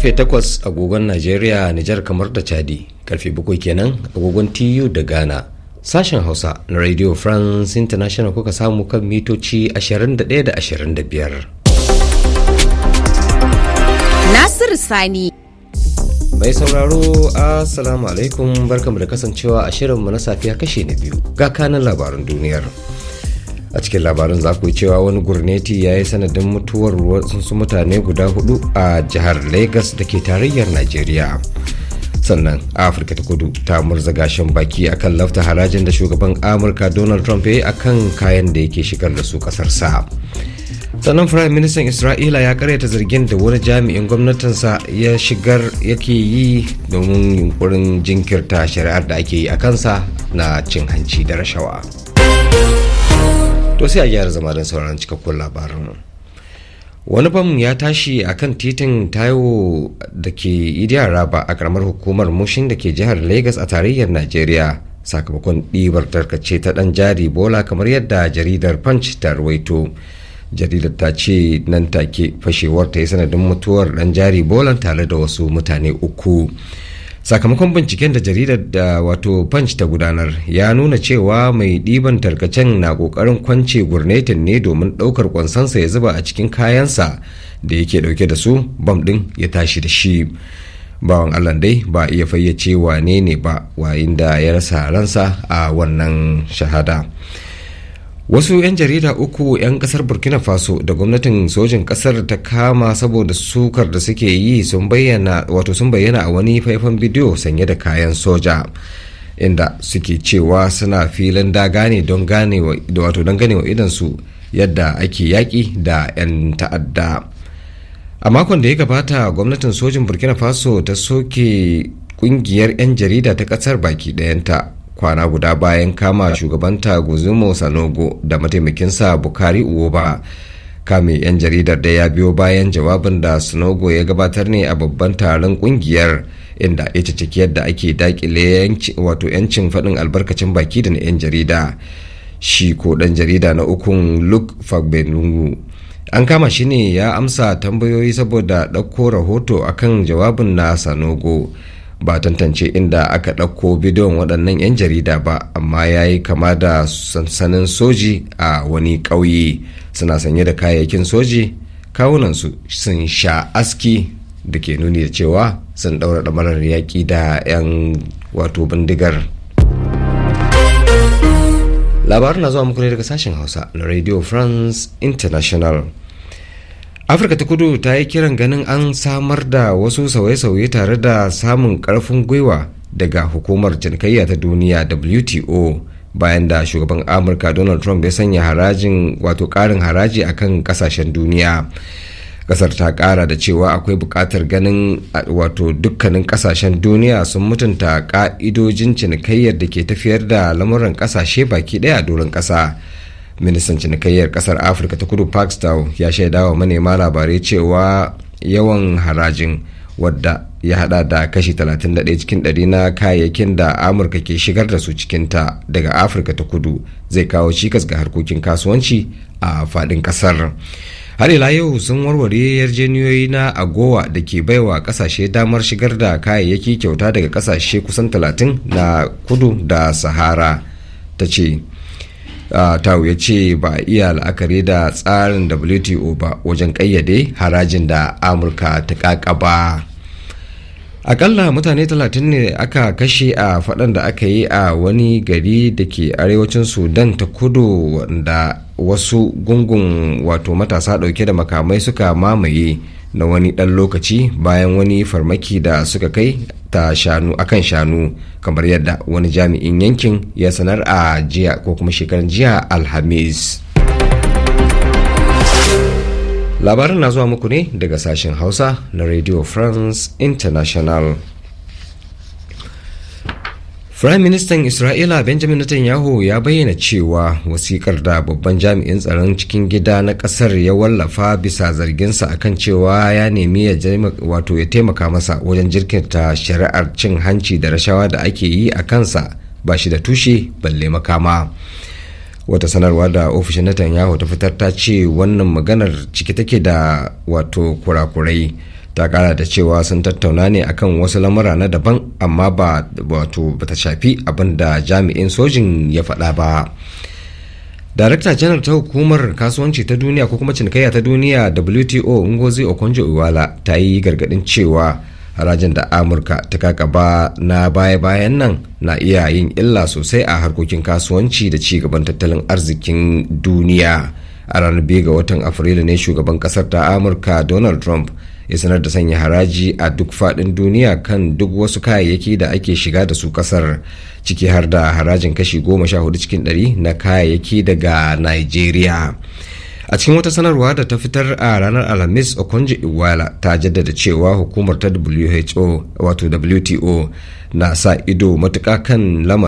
karfe 8 agogon Najeriya, Nijar kamar da Chadi, karfe 7 kenan agogon TU da Ghana. Sashen Hausa na Radio France International kuka samu kan mitoci 21 da 25. Nasiru Sani Mai sauraro Assalamu alaikum barkamu da kasancewa a shirinmu na safiya kashe na biyu ga kanan labarin duniyar. a cikin labarin za ku cewa wani gurneti ya yi sanadin mutuwar wasu mutane guda hudu a jihar lagos da ke tarayyar najeriya sannan afirka ta kudu ta murza gashin baki akan lafta harajin da shugaban amurka donald trump ya yi akan kayan da yake shigar da su kasarsa sannan firayim ministan isra'ila ya karyata zargin da wani jami'in gwamnatinsa ya shigar yake yi domin yunkurin jinkirta shari'ar da ake yi a kansa na cin hanci da rashawa. to sai a gyara zama don sauraron cikakkun labarin wani bam ya tashi a kan titin taiwo da ke idiyar raba a karamar hukumar mushin da ke jihar lagos a tarayyar najeriya sakamakon ɗibar tarkace ta ɗan jari bola kamar yadda jaridar punch ta ruwaito jaridar ta ce nan take fashewar ta yi sanadin mutuwar ɗan jari bolan tare da wasu mutane uku sakamakon binciken da jaridar da wato punch ta gudanar ya nuna cewa mai ɗiban tarkacen na ƙoƙarin kwance gurnetin ne domin ɗaukar kwansansa ya zuba a cikin kayansa da yake ɗauke da su bam ɗin ya tashi da shi bawan allah dai ba iya fayyace wane ne ba wayin da ya rasa ransa a wannan shahada. wasu 'yan jarida uku 'yan kasar burkina faso da gwamnatin sojin kasar ta kama saboda sukar da suke yi sun bayyana bayyana a wani faifan bidiyo sanye da kayan soja inda suke cewa suna filin daga ne don gane wato don idansu yadda ake yaƙi da 'yan ta'adda a makon da ya gabata gwamnatin sojin burkina faso ta soke kungiyar 'yan jarida ta kasar baki dayanta. kwana guda bayan kama shugabanta guzumo sanogo da mataimakinsa bukari uwoba kame 'yan jaridar da ya biyo bayan jawabin da sanogo ya gabatar ne a babban taron kungiyar inda ita ciki yadda ake dakile wato 'yancin faɗin albarkacin baki da na 'yan jarida shi ko ɗan jarida na ukun luke fagbenungu an kama shi ne ya amsa tambayoyi saboda ɗauko rahoto akan jawabin na sanogo ba tantance inda aka ɗauko bidiyon waɗannan 'yan jarida ba amma ya yi kama da sansanin soji a wani ƙauye suna sanye da kayayyakin soji kawunansu sun sha aski da ke nuni da cewa sun ɗaura ɗamarar yaƙi da 'yan wato bindigar labarin na zuwa muku ne daga sashen hausa na radio france international afirka ta kudu ta yi kiran ganin an samar da wasu sauye-sauye tare da samun karfin gwiwa daga hukumar cinikayya ta duniya wto bayan da shugaban amurka donald trump ya sanya harajin wato karin haraji akan kasashen duniya kasar ta kara da cewa akwai bukatar ganin wato dukkanin kasashen duniya sun mutunta ka'idojin cinikayyar da ke tafiyar da lamuran kasashe baki daya a doron kasa ministan cinikayyar kasar afirka ta kudu pakistan ya wa manema labarai cewa yawan harajin wadda ya hada da kashi 31 cikin 100 na kayayyakin da amurka ke shigar da su cikinta daga afirka ta kudu zai kawo cikas ga harkokin kasuwanci a fadin kasar har ila yau sun warware yarjeniyoyi na agowa da ke baiwa kasashe damar shigar da kayayyaki kyauta daga kasashe kusan 30 na kudu da sahara ta ce tau ya ce ba iya la'akari da tsarin wto ba wajen ƙayyade harajin da amurka ta ƙaƙaba. akalla mutane 30 ne aka kashe a faɗan da aka yi a wani gari da ke arewacin sudan ta kudu wanda wasu gungun wato matasa ɗauke da makamai suka mamaye na wani ɗan lokaci bayan wani farmaki da suka kai ta shanu akan shanu kamar yadda wani jami'in yankin ya sanar a jiya ko kuma shekaran jiya alhamis labarin na zuwa muku ne daga sashen hausa na radio france international Firayim Ministan Isra'ila Benjamin Netanyahu ya bayyana cewa wasikar da babban jami'in tsaron cikin gida na kasar ya wallafa bisa zarginsa akan cewa ya nemi ya wato ya taimaka masa wajen jirkinta shari'ar cin hanci da rashawa da ake yi a kansa ba shi da tushe balle makama. wata sanarwa da ofishin Netanyahu ta fitar ta ce wannan maganar ciki take da wato kurakurai. ta kara da cewa sun tattauna ne akan wasu lamura na daban amma ba wato bata shafi abin da jami'in sojin ya faɗa ba darakta janar ta hukumar kasuwanci ta duniya ko kuma cinikayya ta duniya wto ngozi okonjo iwala ta yi gargaɗin cewa harajin da amurka ta ba na baya-bayan nan na iya yin illa sosai a harkokin kasuwanci da ci gaban tattalin arzikin duniya a ranar biyu ga watan afrilu ne shugaban kasar ta amurka donald trump ya sanar da sanya haraji a duk faɗin duniya kan duk wasu kayayyaki da ake shiga da su ƙasar ciki har da harajin kashi goma sha hudu cikin ɗari na kayayyaki daga nigeria a cikin wata sanarwa da ta fitar a ranar alhamis okonjo iwala ta jaddada cewa hukumar ta who wato wto na sa ido matuka kan lama.